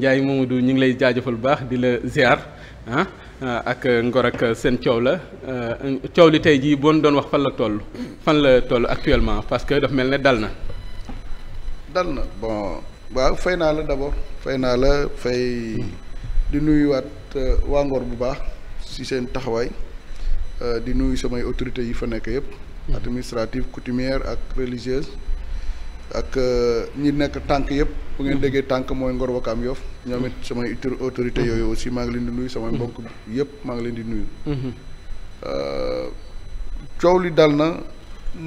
Ndiaye du ñu ngi lay jaajëfal lu baax di la ziar ah ak ngor ak seen coow la euh, coow li tey jii boo doon wax fan la toll fan la toll actuellement parce que dafa mel ne dal na. dal na bon waaw fay naa la d'abord fay naa la fay di nuyuwaat euh, waa Ngor bu baax ci seen taxawaay euh, di nuyu samay autorités yi fa nekk yëpp. Mm-hmm. administrative coutumière ak religieuse ak ñi nekk tànk yëpp. bu ngeen déggee tànk mooy ngor wakaam yoof ñoom it samay autorité yooyu aussi maa ngi leen di nuyu samay mbokk yëpp maa ngi leen di nuyu euh, coow li dal na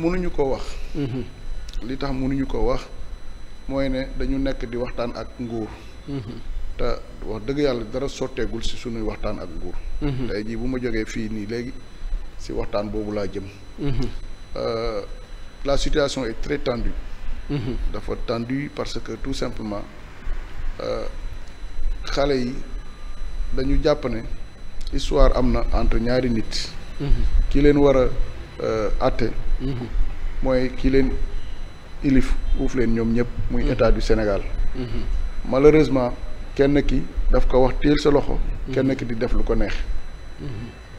mënuñu ko wax mm-hmm. li tax mënuñu ko wax mooy ne dañu nekk di waxtaan ak nguur mm-hmm. te wax dëgg yàlla dara sotteegul si sunuy waxtaan ak nguur mm-hmm. tey jii bu ma jógee fii nii léegi si waxtaan boobu laa jëm euh, la situation est très tendue Mm-hmm. dafa tendu parce que tout simplement euh, xale yi dañu jàpp ne histoire am na entre ñaari nit. Mm-hmm. ki leen war a àtte. Euh, mm-hmm. mooy ki leen ilif uuf leen ñoom ñëpp. muy état du Sénégal. malheureusement kenn ki daf ko wax téel sa loxo. kenn ki di def lu ko neex.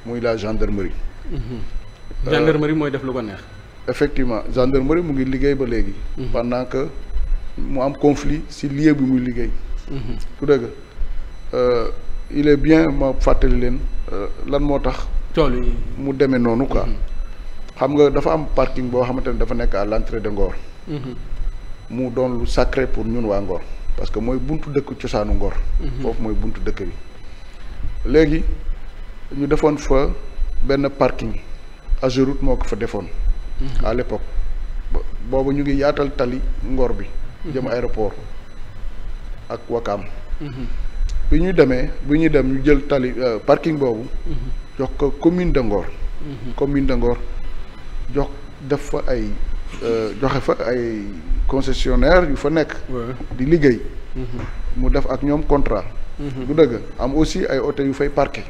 muy la gendarmerie. Euh, gendarmerie mooy def lu ko neex. effectivement gendarmerie mu ngi liggéey ba léegi. Mhm. pendant mu am conflit si lieu bi muy liggéey. du mhm. dëgg euh, il est bien ma fàttali leen euh, lan moo tax. tool yi mu demee noonu quoi. Mhm. xam nga dafa am parking boo xamante ne dafa nekk à l'entrée de Ngor. mu doon lu sacré pour ñun waa Ngor parce que mooy buntu dëkk cosaanu Ngor. foofu mooy buntu dëkk bi. léegi ñu defoon fa benn parking Ageroute moo ko fa defoon. à l'époque boobu ñu ngi yaatal tali ngor bi jëm mhm. aéroport ak wakaam mhm. bi ñuy demee bi ñuy dem ñu jël tali euh, parking boobu mhm. jox ko commune de Ngor commune de Ngor jox def fa ay euh, joxe fa ay concessionnaire yu fa nekk di liggéey mu def ak ñoom contrat du dëgg am aussi ay hôtel yu fay parqué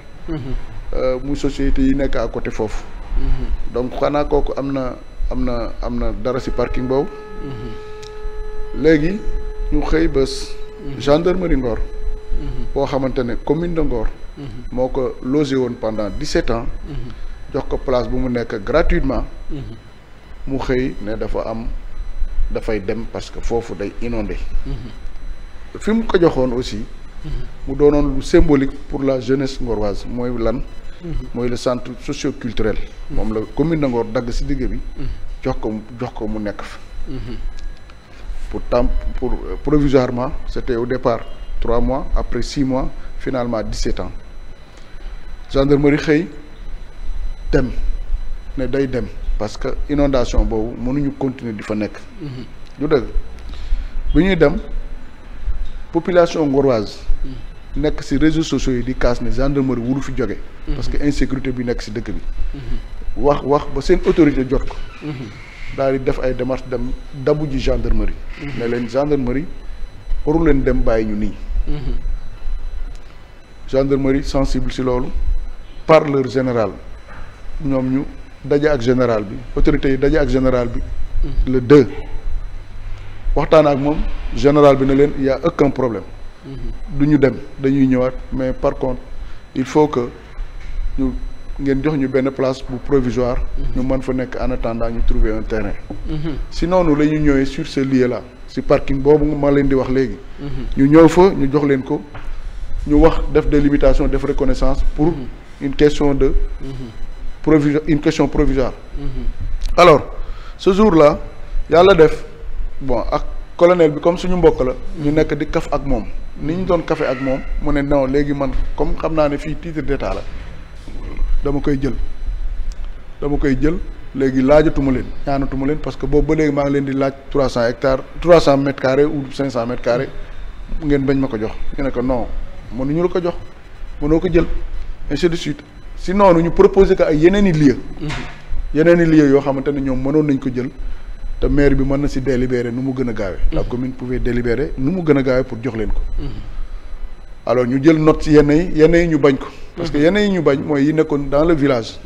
euh, mu société yi nekk ak côté foofu Mm-hmm. donc xanaa kooku am na am na am na dara ci parking boobu. Mm-hmm. léegi ñu xëy bés. Mm-hmm. gendarmerie Ngor. boo xamante ne commune de Ngor. moo ko logé woon pendant dix-sept ans. jox ko place bu mu nekk gratuitement. mu xëy ne dafa am dafay dem parce que foofu day inondé. fi mu ko joxoon aussi. mu doonoon lu symbolique pour la jeunesse ngoroise mooy lan. mooy le centre socioculturel. moom la commune de Ngor dagg si digg bi. jox ko jox ko mu nekk fa. pour temps pour euh, provisoirement c' était au départ trois mois après six mois finalement dix sept ans gendarmerie xëy dem ne day dem parce que inondation boobu mënuñu continuer di fa nekk. lu mhm. dëgg bi ñuy dem population ngoroise. nekk si réseaux sociaux yi di kaas ne gendarmerie wuru fi jóge parce que insécurité bi nekk si dëkk bi wax wax ba seen autorité jot ko daal di def ay démarches dem dabu ji gendarmerie ne leen gendarmerie waru leen dem bàyyi ñu nii gendarmerie sensible si loolu parleur général ñoom ñu daje ak général bi autorité yi daje ak général bi le deux waxtaan ak moom général bi ne leen y a aucun problème du ñu dem dañuy ñëwaat mais par contre il faut que ñu ngeen jox ñu benn place bu provisoire. ñu man fa nekk en attendant ñu trouver un terrain. si noonu la ñu ñëwee sur ce lieu là si parking boobu ma leen di wax léegi. ñu ñëw fa ñu jox leen ko ñu wax def de délimitation def reconnaissance pour une question de. proviso une question provisoire. alors ce jour là yàlla def bon colonel bi comme suñu mbokk la ñu nekk di kaf ak moom ni ñu doon kafe ak moom mu ne new léegi man comme xam naa ne fii titre d'état la dama koy jël dama koy jël léegi laajatuma leen ñaanatuma leen parce que boobu ba léegi maa ngi leen di laaj trois cent hectares trois cent mètres carrés ou cinq cent mètres carrés ngeen bañ ma ko jox ñu ne ko non ñu la ko jox mënoo ko jël ainsi suite si noonu ñu proposé ko ay yeneen i lieux mm-hmm. yeneen i yoo xamante ne ñoom mënoon nañ ko jël te maire bi mën na si délibérer nu mu gën a gaawee. la mhm. commune pouvait délibérer nu mu gën a gaawee pour jox leen ko. Mhm. alors ñu jël note ci yenn yi yenn yi ñu bañ ko. parce que mhm. yenn yi ñu bañ mooy yi nekkoon dans le village.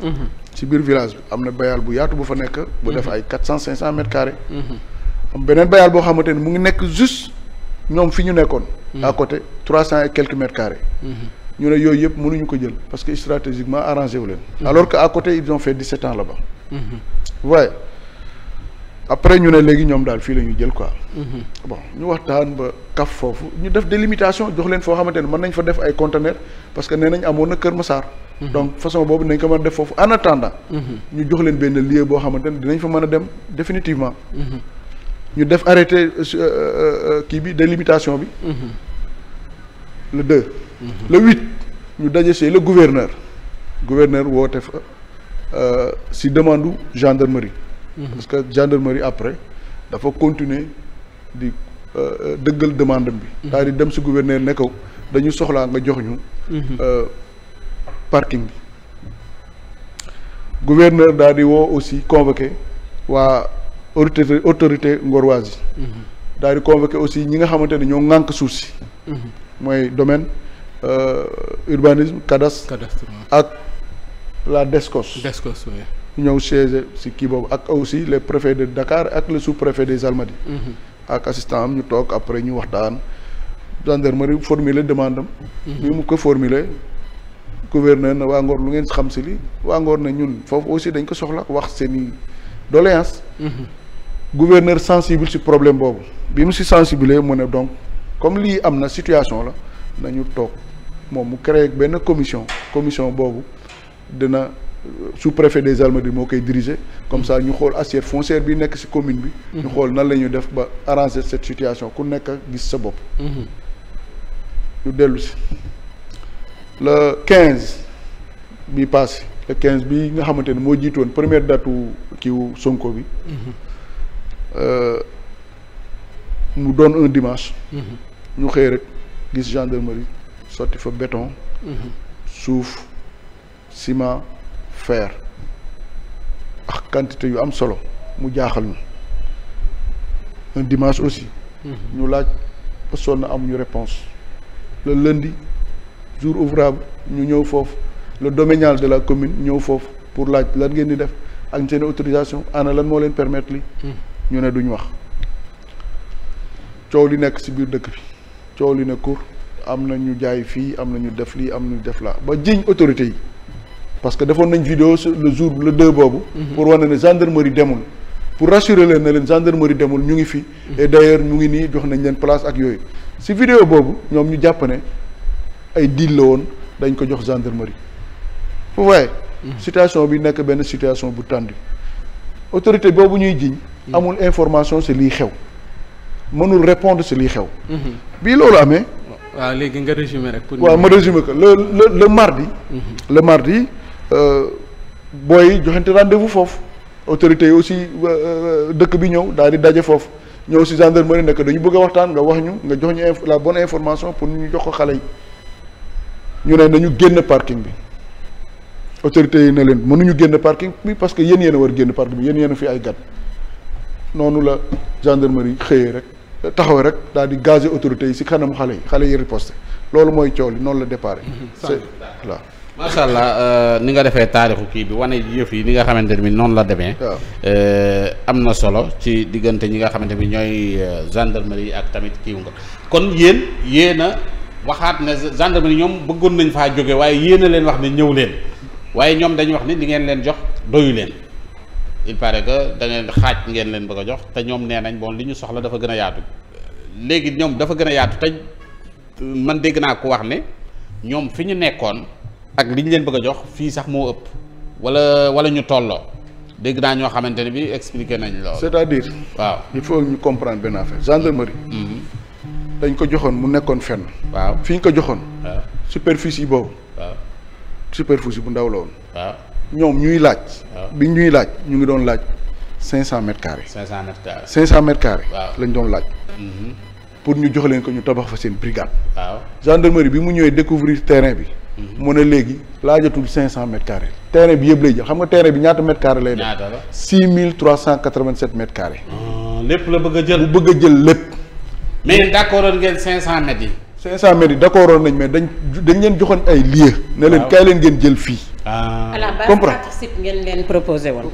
ci biir village bi am na bayaal bu yaatu bu fa nekk. bu def ay quatre cent cinq cent mètres carrés. am beneen bayaal boo xamante ni mu ngi nekk juste ñoom fi ñu nekkoon. à côté trois cent et quelques mètres carrés. ñu ne yooyu yëpp mënuñu ko jël parce que stratégiquement arrangé wu leen. alors que à côté ils ont fait après ñu ne léegi ñoom daal fii la ñu jël quoi. Mhm. bon ñu waxtaan ba kaf foofu ñu def délimitation jox leen foo xamante ne mën nañ fa def ay conteneur parce que nee nañ amoon na Kër Massar. Mhm. donc façon boobu nañ ko mën a def foofu en attendant. Mhm. ñu jox leen benn lieu boo xamante ne dinañ fa mën a dem définitivement. ñu def arrêté euh, euh, euh, kii bi délimitation bi. le deux. le huit ñu daje si le gouverneur gouverneur woote fa si demande gendarmerie. Mm-hmm. parce que gendarmerie après dafa continuer di euh, euh, dëggal demande bi mm-hmm. daal di dem si gouverneur ne ko dañu soxlaa nga jox ñu mm-hmm. euh, parking bi gouverneur daal di woo aussi convoqué waa autorité autorité ngoroise yi daal di convoqué aussi ñi nga xamante ne ñoo ŋànk suuf si mooy domaine urbanisme cadastre ak la DESCOS DESCOS ñëw chaise si kii boobu ak aussi les préfets de Dakar ak le sous-préfet des Almadies mhm. ak assistant am ñu toog après ñu waxtaan gendarmerie formuler demande am mhm. bi mu ko formuler gouverneur na waa Ngor lu ngeen xam si li waa Ngor na ñun foofu aussi dañ ko soxla wax seeni doléance mhm. gouverneur sensible si problème boobu bi mu si sensibiliser mu ne donc comme lii am na situation la nañu toog moom mu créé benn commission commission boobu dina sous-préfet de Almadies moo koy diriger comme ça ñu xool assiette foncière bi nekk ci commune bi. ñu mhm. xool nan la ñuy def ba arranger cette situation ku nekk gis sa bopp. Mhm. ñu dellu si le bi passé le 15 bi nga xamante ne moo jiitoon première date kiiwu Sonko bi. Mhm. Euh, mu doon un dimanche. ñu xëy rek gis gendarmerie sotti fa béton. suuf ciment. fer ax quantité yu am solo mu jaaxal na un dimanche aussi. Mhm. ñu laaj ba sonn amuñu réponse le lundi jour ouvrable ñu ñëw foofu le domanial de la commune ñëw foofu pour laaj lan ngeen di def ak seen autorisation ana lan moo leen permetre li mhm. ñu ne duñ wax coow li nekk ci biir dëkk bi coow li ne kur am na ñu jaay fii am na ñu def lii am na ñu def laa ba jiñ autorité yi. parce que defoon nañ vidéo le jour le deux boobu. Mhm. pour wane ne gendarmerie demul. pour rassurer leen ne leen gendarmerie demul ñu ngi fi. Mhm. et d' ailleurs ngi nii jox nañ leen place ak yooyu. si vidéo boobu ñoom ñu jàpp ay deal la woon dañ ko jox gendarmerie. vous voyez. Mhm. situation bi nekk benn situation bu tendue. autorité boobu ñuy jiñ. amul information si liy xew. mënul répondre si liy xew. bii loolu amee. waaw léegi nga résumé rek. pour waaw ma résumé ko le le le Euh, booy joxante rendez-vous foofu autorités yi aussi euh, euh, dëkk bi ñëw daal di daje foofu ñëw si gendarmerie nekk dañu bëgg a waxtaan nga wax ñu nga jox ñu la bonne information pour ñu jox ko xale yi ñu ne nañu génn parking bi autorités yi ne leen mënuñu génn parking bi parce que yéen yéen war génn parking bi yéen yéen fi ay gat noonu la gendarmerie xëyee rek taxaw rek daal di gazé autorités yi si kanam xale yi xale yi riposté loolu mooy coow li noonu la départ. Mhm. c'est voilà. macha allah euh, ni nga defee taarixu kii bi wane yëf yi ni nga xamante ni noonu la demee. Euh, am na solo ci diggante ñi nga xamante ni ñooy euh, gendarmerie ak tamit kii nga kon yéen yéen a waxaat ne gendarmerie ñoom bëggoon nañ faa jóge waaye yéen leen wax ne ñëw leen waaye ñoom dañuy wax ni li ngeen leen jox doyu leen il paraît que da ngeen xaaj ngeen leen bëgg a jox te ñoom nee nañ bon li ñu soxla dafa gën a yaatu léegi ñoom dafa gën a yaatu te man dégg naa ko wax ne ak li ñu leen bëgg a jox fii sax moo ëpp wala wala ñu tolloo dégg naa ñoo xamante ne bi expliqué nañ loolu. c'est-à-dire. waaw il faut ñu comprendre benn affaire gendarmerie. Mm-hmm. dañ ko joxoon mu nekkoon fenn. waaw fi ñu ko joxoon. waaw superficie boobu. waaw superficie bu ndaw la woon. ñoom ñuy laaj. bi ñuy laaj ñu ngi doon laaj cinq cent mètres carrés. cinq cent mètres carrés. cinq cent mètres carrés. waaw lañ doon laaj. Mm-hmm. pour ñu jox leen ko ñu tabax fa seen brigade. waaw gendarmerie bi mu ñëwee découvrir terrain bi. Mhm. mu ne léegi laajatul cinq cent mètres carrés terrain bi yëpp lay jël xam nga terrain bi ñaata mètres carrés lay def six mille trois cent quatre vingt sept mètres carrés ah, lépp la bëgg jël bu bëgg a jël lépp mais d'accord ngeen cinq cent mètres yi cinq cent mètres yi d'accord woon nañ mais dañ dañ leen joxoon ay lieu ne leen kaay leen ngeen jël fii ah. comprend site ngeen leen proposé woon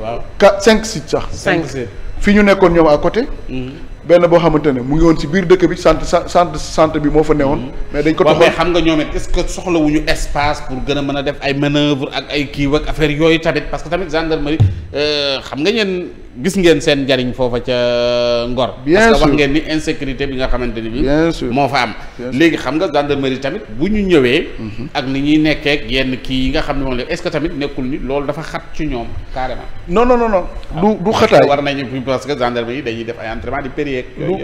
cinq sites sax cinq sites fi ñu nekkoon ñoom à côté mhm. benn boo xamante ne mu ngi woon ci biir dëkk bi sant centre sant bi moo fa woon mm-hmm. mais dañ ko toxal xam nga ñoom it que soxlawuñu espace pour gën a mën a def ay manœuvre ak ay kii ak affaire yooyu tamit parce que tamit gendarmerie euh, xam nga ñeen gis ngeen seen njariñ foofa ca euh, Ngor. bien sûr ngeen ni insécurité bi nga xamante ni bi. bien moo fa am. léegi xam nga gendarmerie tamit bu ñu ñëwee. Mhm. ak ni ñuy nekkee yenn kii yi nga xam ne moom la est-ce que tamit nekkul ni loolu dafa xat ci ñoom carrément. non no non non ah. du du xataay war nañu parce que gendarmerie yi dañuy def ay entraînement di périlleux. yooyu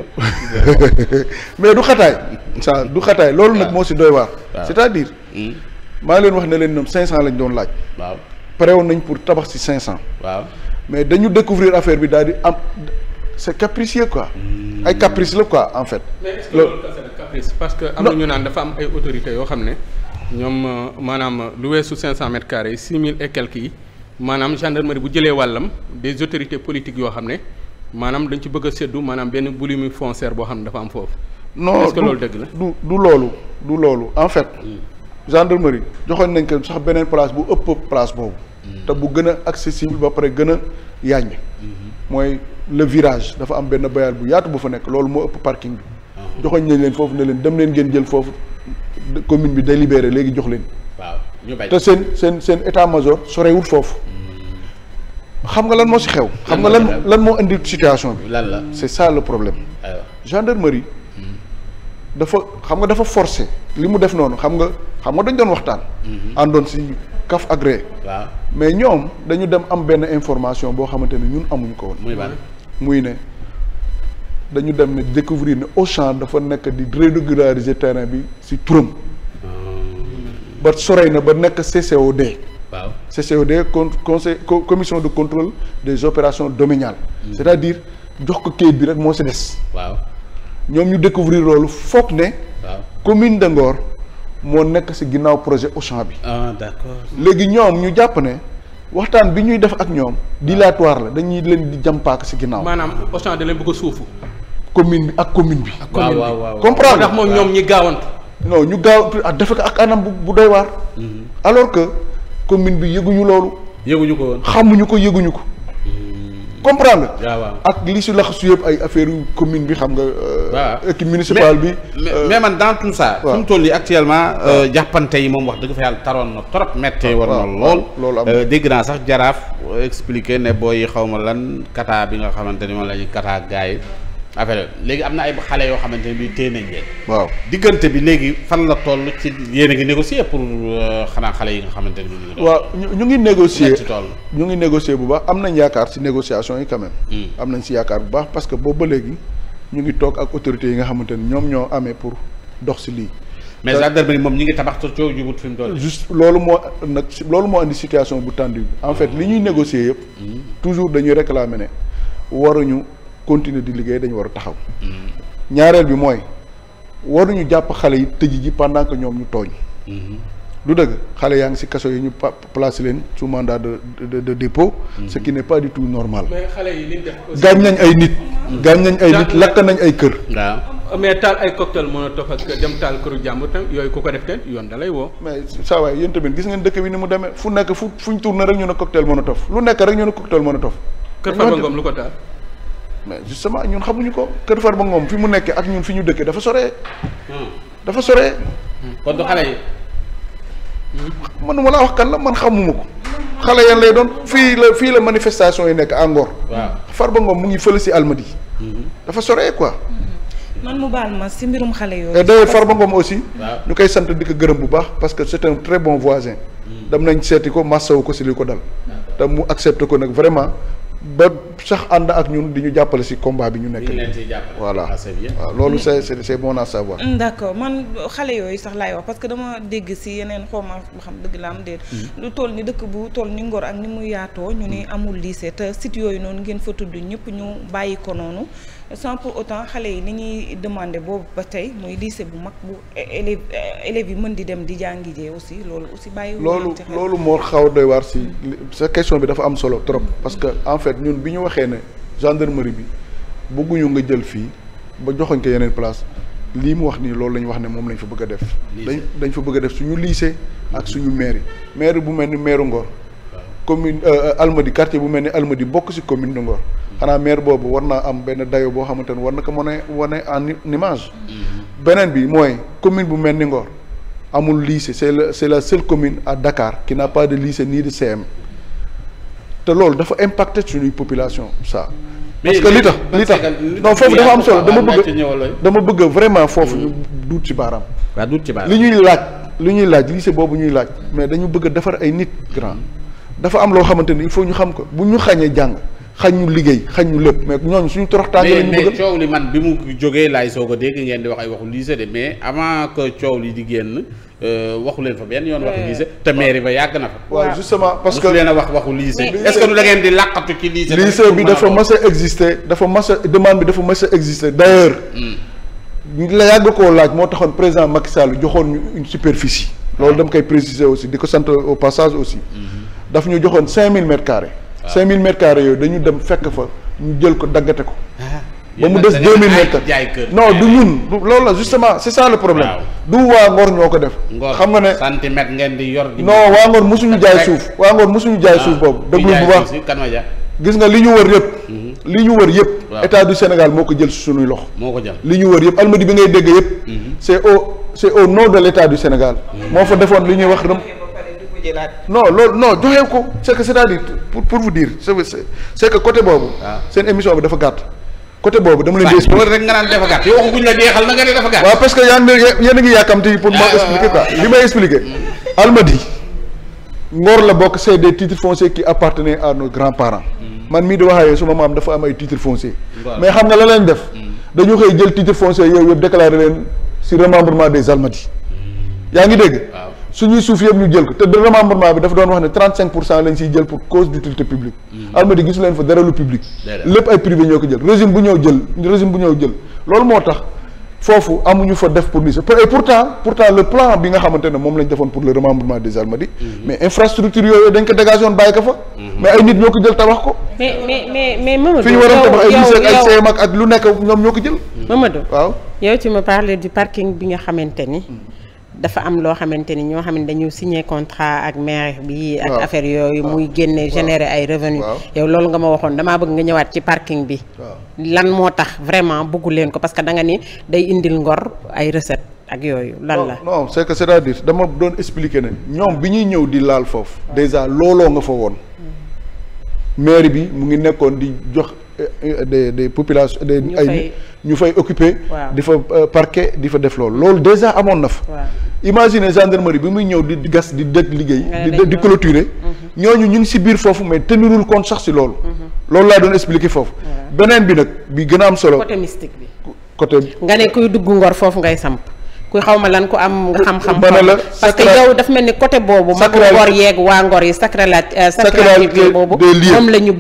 yëpp mais du xataay. ça du xataay loolu nag ah. moo si doy waa ah. c'est-à-dire. Hmm. maa ngi leen wax ne leen ñoom 500 lañ doon laaj. waaw pare woon nañ pour tabax si 500. waaw. mais dañu découvrir affaire bi daal di am c'est capricieux quoi. Hmm. ay caprice la quoi en fait. parce que am na ñu naan dafa am ay autorités yoo xam ne ñoom euh, maanaam euh, lu weesu 500 mètres carrés 6000 et quelques yi maanaam gendarmerie bu jëlee wàllam des autorités politiques yoo xam ne maanaam dañ ci bëgg a séddu maanaam benn boulimie foncière boo xam ne dafa am foofu. non loolu dëgg la du du loolu du loolu en fait. Hmm. gendarmerie joxoon nañ ko sax beneen place bu ëpp place boobu. te bu gën a accessible ba pare gën a yaaññ mooy le dafa am benn bayal bu yaatu bu fa nekk loolu moo ëpp parking bi joxoñ nañ leen foofu ne leen dem leen ngeen jël foofu commune bi délibéré léegi jox leen waaw ñu seen seen seen état major sorewul foofu xam nga lan moo si xew xam nga lan lan moo indi situation bi lan la c'est ça le problème gendarmerie dafa xam nga dafa forcé li mu def noonu xam nga xam nga dañ doon waxtaan mhm. àndoon si kaf agré waaw mais ñoom dañu dem am benn information boo xamante ni ñun amuñu ko woon. muy ne dañu dem ne découvrir ne Auchan dafa nekk di régulariser terrain bi si turam. Ah. ba sorey na ba nekk CCOD. waaw CCOD con conseil commission de contrôle des opérations domaniales. Mm. c'est-à-dire jox ko kayit bi rek moo si des. waaw ñoom ñu découvrir loolu foog ne. waaw commune de Ngor. moo nekk si ginnaaw projet Auchan bi. ah léegi ñoom ñu jàpp ne waxtaan bi ñuy def ak ñoom dilatoire la dañuy leen di jàmpaak si ginnaaw. maanaam Auchan da leen bëgg a suufu. commune bi ak commune bi. ak commune bi comprendre ndax moom ñoom ñi gaawantu. non ñu gaaw ah defe ko ak anam bu doy waar. Mm-hmm. alors que commune bi yëguñu loolu. yëguñu ko woon xamuñu ko yëguñu ko. Mm-hmm. comprendre ak li si laxasu yëpp ay affaire yu commune bi xam nga. Euh, Euh, équipe municipale bi euh, mais man dans tout ça su toll yi actuellement ah. euh, jàppante yi moom wax dëgg fa yàlla taroon na trop yi ah, war na lool loolu dégg naa sax jaraaf expliqué ne booy xaw ma lan kata bi nga xamante ni moom la ñuy kata gaay affaire léegi am na ay xale yoo xamante ne bii téye nañ waaw diggante bi léegi fan la toll ci yéen a ngi négocier pour xanaa xale yi nga xamante ne bii. waaw ñu ngi négocier ñu ngi négocier bu baax am nañ yaakaar si négociation yi quand même. Hmm. am nañ si yaakaar bu baax parce que boobu ba léegi. ñu ngi toog ak autorité yi nga xamante ni ñoom ñoo amee pour dox si lii. mais gendarmerie moom ñu ngi tabax te coow jubut loolu moo nag loolu moo andi situation bu tàndu en fait li ñuy négocier yëpp. Mm-hmm. toujours dañuy réclamer ne waruñu continuer di liggéey dañu war a taxaw. Mm-hmm. ñaareel bi mooy waruñu jàpp xale yi tëj ji pendant que ñoom ñu tooñ. Mm-hmm. du dëgg xale yaa ngi ci kaso yi ñu placé leen sous mandat de de de dépôt. Mhm. ce qui n'est pas du tout normal. mais xale yi gaañ nañ ay nit. Mhm. gaañ nañ ay nit lakk nañ ay kër. waaw mais taal ay cocktail Molotov ak dem taal këru jàmbur tam yooyu ku ko def kenn yoon da lay woo. mais saa waay yéen tamit gis ngeen dëkk bi ni mu demee fu nekk fu fuñ tourné rek ñu ne cocktail Molotov lu nekk rek ñu ne cocktail Molotov. kër Farba Ngom lu ko taal. mais justement ñun xamuñu ko kër Farba Ngom fi mu nekkee ak ñun fi ñu dëkkee dafa soree. Hmm. dafa soree. kon du xale yi mënuma laa wax kan la man xamuma ko xale yan lay doon fii la fii la manifestation yi nekk engor waaw ba Ngom mu ngi fële si Almadi. Mhm. dafa sore quoi. Mhm. man mu baal ma si mbirum xale yooyu. et d'ailleurs Farba Ngom aussi. ñu koy sant di ko gërëm bu baax parce que c'est un très bon voisin. Mhm. dem nañ seeti ko massawu ko si li ko dal. te mu accepté ko nag vraiment ba sax ànd ak ñun di ñu jàppale si combat bi ñu nekk. voilà waaw loolu c'est c'est bon à savoir. Mm, d'accord man xale yooyu sax laay wax parce que dama dégg si yeneen xawma xam dëgg la am déet. Mm. lu toll ni dëkk bu toll ni Ngor ak ni mu yaatoo ñu ni mm. amul lycée te sit yooyu noonu ngeen fa tudd ñëpp ñu bàyyi ko noonu. sans pour autant xale yi ni ñuy demandé boobu ba tey muy lycée bu mag bu élève élèves yi mën di dem di jàngi jee aussi loolu bàyyi loolu loolu moo xaw doy war si sa question bi dafa am solo trop parce que en fait ñun bi ñu waxee ne gendarmerie bi bëgguñu nga jël fii ba joxoñ ko yeneen place lii mu wax nii loolu la ñu wax ne moom lañ fa bëgg a def dañ dañ fa bëgg a def suñu lycée ak suñu mairie mairie bu mel ni mairie Ngor commune euh, euh, Almadi quartier bu mel ne Almadi bokk si commune de Ngor xanaa maire boobu war naa am benn dayo boo xamante ne war na ko mën a wane en image mhm. beneen bi mooy commune bu mel ni Ngor amul lycée c'est la c'est la seule commune à Dakar qui n'a pas de lycée ni de CM te loolu dafa impacter suñuy population ça parce que li tax li tax non foofu dafa am solo dama bëgg dama bëgg vraiment foofu ñu mhm. duut ci baaraam li ñuy laaj li ñuy laaj lycée boobu ñuy laaj mais dañu bëgg a defar ay nit dafa am loo xamante ni il faut ñu xam ko bu ñu xañee jàng xañ ñu liggéey xañ ñu lépp mais ñooñu suñu toroxtaange lañu bëgg mais li man bi mu jógee laay soog ngeen di wax ay waxu lycée de mais avant que coow li di génn euh, waxu leen fa benn yoon waxu lycée te ba yàgg na parce que leen a wax waxu lycée est-ce que nu da ngeen di làqatu ci lycée bi dafa mas existe dafa mas a demande bi dafa mas a exister d'ailleurs hmm. la yàgg koo laaj moo taxoon président Macky Sall joxoon ñu une superficie loolu hmm. dama koy préciser aussi di ko sant au passage aussi hmm. dafa ñu joxoon cinq mille mètres carrés. Ah. cinq mille mètres carrés yooyu dañu dem fekk fa ñu jël ko daggate ko. Ah. ba mu des deux mille mètres non du ñun loolu la justement c'est sa le problème du waa Ngor ñoo ko def xam nga ne centimètre ngeen di yor non waa Ngor mosuñu jaay suuf waa Ngor mosuñu jaay ah. suuf boobu déglu bu baax gis nga li ñu wër yëpp mhm. li ñu wër yëpp état du Sénégal moo ko jël suñuy loxo moo ko jël li ñu wër yëpp almadi bi ngay dégg yëpp mhm. c'est au c'est au nom de l'état du Sénégal mhm. moo fa defoon li ñuy wax rëm non loolu no joxe ko c'est que cest pour pour vous dire c'est que boobu. Ah. seen émission bi dafa gàtt. côté boobu dama leen di expliqué nga naan dafa gàtt yow waxuñ la jeexal na nga ne dafa gàtt. a ngi yàkkamti ah, ah, hmm. la bokk c'est des titres fonciers qui appartenaient à nos grands hmm. man mii di wax ak yow suma maam dafa am ay titres fonciers. mais xam nga la leen def. Hmm. dañu xëy jël titres fonciers yooyu yëpp déclaré leen si remembrement des Almadies yaa ngi dégg. suñuy suuf yëpp ñu jël ko te de remembrement bi dafa doon wax ne trente cinq pour cent lañ siy jël pour cause d'utilité publique mm-hmm. almadi gisu fa dara lu public lépp ay privé ñoo ko jël régime bu ñëw jël loolu moo tax foofu amuñu fa def pour lycée et pourtant pourtant le plan bi nga xamante ne moom lañ defoon pour le remembrement des Almadies mm-hmm. mais infrastructure yooyu dañ ko dégagé woon bàyyi ko fa mm-hmm. mais ay nit ñoo ko jël tabax ko fi nga xamante ni dafa am loo xamante ni ñoo xam ne dañu signé contrat ak maire bi ak wow. affaire yooyu muy génne générer ay revenu yow loolu nga ma waxoon damaa bëgg nga ñëwaat ci parking bi lan moo tax vraiment bëggu leen ko parce que da ni day indil ngor ay recette ak yooyu lan la non c'est que c'est-à-dire dama doon expliquer ne ñoom bi ñuy ñëw di laal foofu déjà looloo nga fa woon mm. maire bi mu ngi nekkoon di jox Euh, des des populations des ay ñu fay occuper di fa euh, parquet di fa def loolu loolu déjà amoon na fa imagine gendarmerie bi muy ñëw di gas di dëj liggéey di di clôturer mm-hmm. ñooñu ñu ngi si biir foofu mais tenirul compte sax si loolu mm-hmm. loolu laa doon expliquer foofu beneen bi nag bi gën a am solo côté mystique bi côté nga ne kuy dugg ngor foofu ngay samp ku xaw lan ko am xam-xam parce que yow daf mel ni côté boobu mag ngor yeeg waa ngor yi euh, sacralité sacralité boobu moom la ñu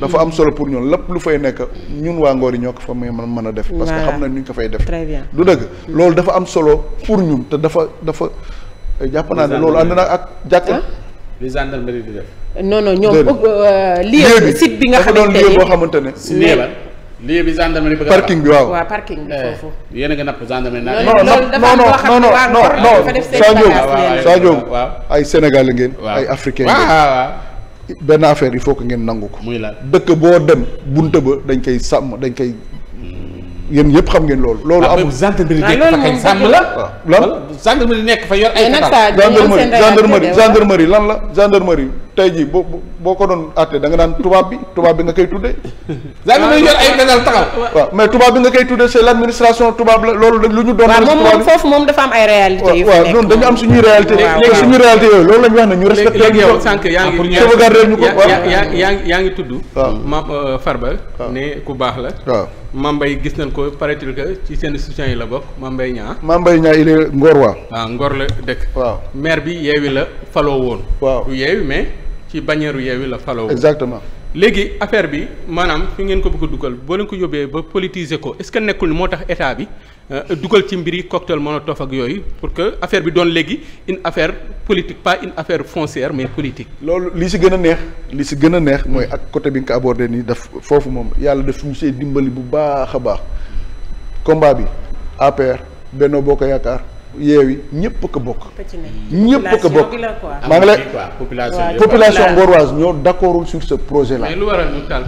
dafa am solo pour ñun lépp lu fay nekk ñun waa Ngor yi ñoo ko fa muy mën a def. parce xam na ñu fay def. très bien mm. loolu dafa am solo pour ñun te dafa dafa eh, jàpp naa ne loolu ànd ak jàkk les gendarmerie di def. non non ñoom. Euh, lieu bi site bi nga xamante ne xamante ne. si lieu bi gendarmerie bëgg parking bi waaw. waaw parking bi eh, foofu. yéen a nga napp gendarmerie naa. non non non non non non ay sénégalais ngeen. ay africain ngeen. benn affaire il faut que ngeen nangu ko. muy la dëkk boo dem bunt ba dañ koy sàmm dañ koy. Hmm. yéen yëpp xam ngeen loolu. loolu ah, amul gendarmerie ah, nekk fa kay sàmm la. lan nekk fa yor ay. gendarmerie gendarmerie lan la gendarmerie. tey jii boo boo ko doon àtte da nga naan tubaab bi tubaab bi nga koy tudde daa ngi mais tubaab bi nga koy tuddee c'est l'administration tubaab la loolu lu ñu doon. waaw moom moom foofu moom dafa am ay réalités yu fi nekk moom dañu am yooyu loolu la yaa ngi sauvegarder ñu ngi tudd. ma euh, Farba. ku baax la. waaw Mame Mbaye gis nañ ko paraît-il ci seen soutien yi la bokk Mame Mbaye Niang. Mame yi Niang il est Ngor waa. waaw ah, Ngor la dëkk. waaw maire bi yeewi la faloo woon. waaw ci bannière Yewwi la faloo exactement léegi affaire bi maanaam fi ngeen ko bëgg a dugal boo leen ko yóbbee ba politiser ko est-ce que nekkul moo tax état bi euh, dugal ci mbiri cocktail Molotov ak yooyu pour que affaire bi doon léegi une affaire politique pas une affaire foncière mais politique. loolu li si gën a neex li si gën a neex mooy ak côté bi nga ko abordé nii daf foofu moom yàlla daf ñu see dimbali bu baax a baax combat bi APR Benno Bokk Yaakaar. yeewi ñëpp ko bokk. ñëpp ko bokk. maa ngi lay population ngoroise ñoo d'accordul sur ce projet là. mais lu waral ñu taal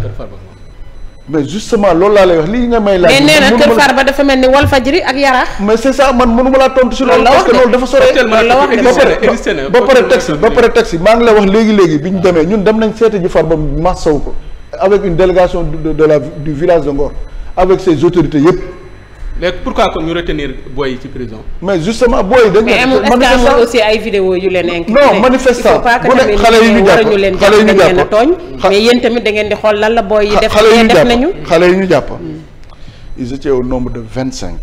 Kër justement loolu laa lay wax lii nga may. laaj mais nee na Kër Farba dafa mel ni Walfadjri ak Yaraax. mais c'est ça man mënuma laa tontu si loolu. parce que loolu dafa sore. ba pare texte ba pare texte maa ngi lay wax léegi léegi bi ñu demee ñun dem nañ seeti ji Farba massaw ko avec une délégation de la du village de Ngor avec ses autorités yëpp léegi pourquoi kon ñu retenir mais justement booy yi dañ mais aussi ay vidéo yu leen inculpé non manifestant bu ne xale yi ñu jàpp xale yi ñu jàpp tooñ mais yéen tamit da ngeen di xool lan la booy yi def xale yi ñu jàpp nañu xale yi ñu jàpp mm. ils étaient au nombre de vingt cinq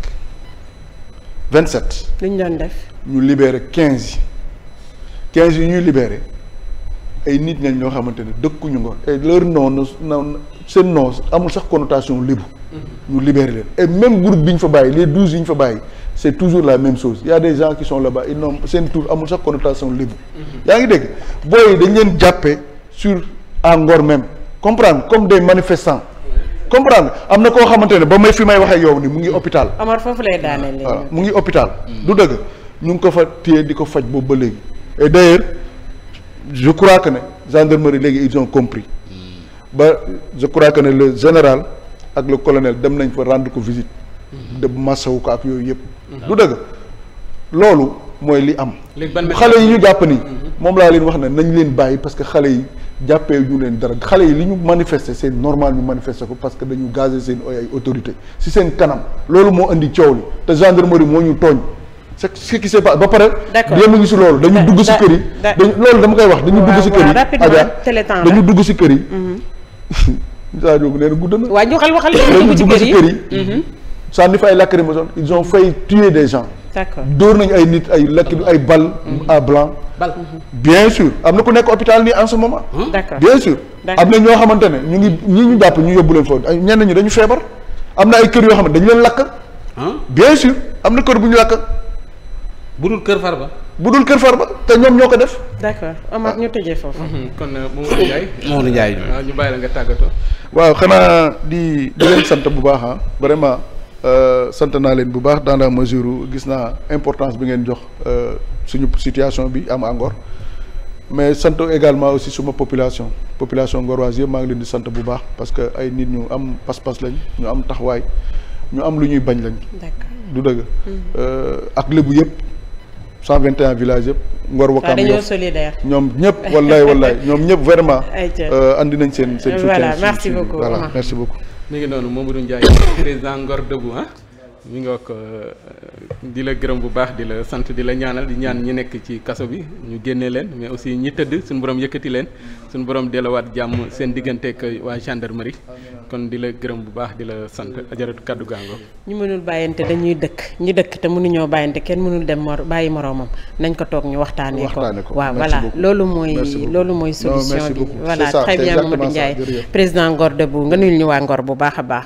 vingt sept li ñu doon def ñu libéré quinze yi quinze yi ñuy libéré ay nit ñañ ñoo xamante ne dëkkuñu nga et leur nom na seen nom amul sax connotation libre ñu libérer leen et même groupe bi ñu fa bàyyi les douze yi ñu fa bàyyi c' est toujours la même chose il y a des gens qui sont là-bas ils n'ont seen tour amul sax connotation lébu mhm. yaa ngi dégg booy dañ leen jàppe sur à même comprendre comme des manifestants comprendre am na koo xamante ne ba may fi may waxee yow ni mu ngi hôpital Amar foofu lay daaneel ah, voilà mu ngi hôpital mm. du dëgg ñu ngi ko fa téye di ko faj boobu ba léegi et d' je crois que ne gendarmerie léegi ils ont compris mm. ba je crois que ne le général ak le colonel dem nañ fa rendre ko visite. Mhm. de masawu ko ak yooyu yëpp. lu mhm. dëgg loolu mooy li am. xale yi ñu jàpp ni. Mhm. moom laa leen wax ne nañ leen bàyyi parce que xale yi jàppee ñu leen dara xale yi li ñu manifester seen normal ñu manifester ko parce que dañu gazé seen ay autorité si seen kanam loolu moo indi coow li te gendarmerie moo ñu tooñ. c'est ce qui s'est passé ba pare. d'accord yéen a ngi si loolu dañu dugg si kër yi. dañu loolu dama koy wax dañu dugg si kër yi. dañu dugg si kër yi. Moussa Diop nee na gudd na. waaw ñu waxal waxal ñu dugg ci kër yi sànni fa ay lacrymogène ils ont failli tuer des gens. d'accord dóor nañu ay nit ay lakk ay bal mhm. à blanc. balle bien sûr am na ku nekk hôpital ni en ce moment. d'accord bien sûr. am na ñoo xamante ne ñu ngi ñi ñu jàpp ñu yóbbu leen foofu ay ñenn ñi dañu feebar am na ay kër yoo xam ne dañu leen lakk. bien sûr am na kër bu ñu lakk. budul kër far Farba. bu dul Kër ba te ñoom ñoo ko def. d'accord Amath ñu tëjee foofu. Mhm, kon euh, Mamadou Ndiaye. Mamadou Ndiaye ah, ñu bàyyi la nga tàggatoo. waaw xanaa di di sant bu baax a ah. vraiment euh, sant naa leen bu baax dans la mesure gis naa importance bi ngeen jox euh, suñu situation bi am Ngor mais sant également aussi suma population population ngoroise yëpp maa ngi leen di sant bu baax parce que ay nit ñu am pas-pas lañ ñu am taxawaay ñu am lu ñuy bañ lañ. du dëgg. Mhm. ak lébu yëpp. cent vingt et village villages yëpp Ngor Wakam dañoo solidaire ñoom ñëpp wallaay wallaay ñoom ñëpp vraiment euh, andi nañ seen seen soutien voilà merci beaucoup mi ngi noonu Mamadou Ndiaye président Ngor Debout ah mi ngi ko euh, di la gërëm bu baax di la sant di la ñaanal di ñaan ñi nekk ci kaso bi ñu génnee leen mais aussi ñi tëdd suñu borom yëkkati leen suñu borom dellowaat jàmm seen diggante digganteeg waa gendarmerie kon di la gërëm bu baax di la sant ajaratu kàddu gàngo ñu ñi bàyyante dañuy dëkk ñu dëkk te mënuñoo bàyyante kenn mënul dem mor bàyyi moroomam nañ ko toog ñu waxtaanee ko waaw voilà loolu mooy loolu mooy solution bi voilà très bien Mamadou Ndiaye président Ngor Debout nga nuyul ñu waa Ngor bu baax a baax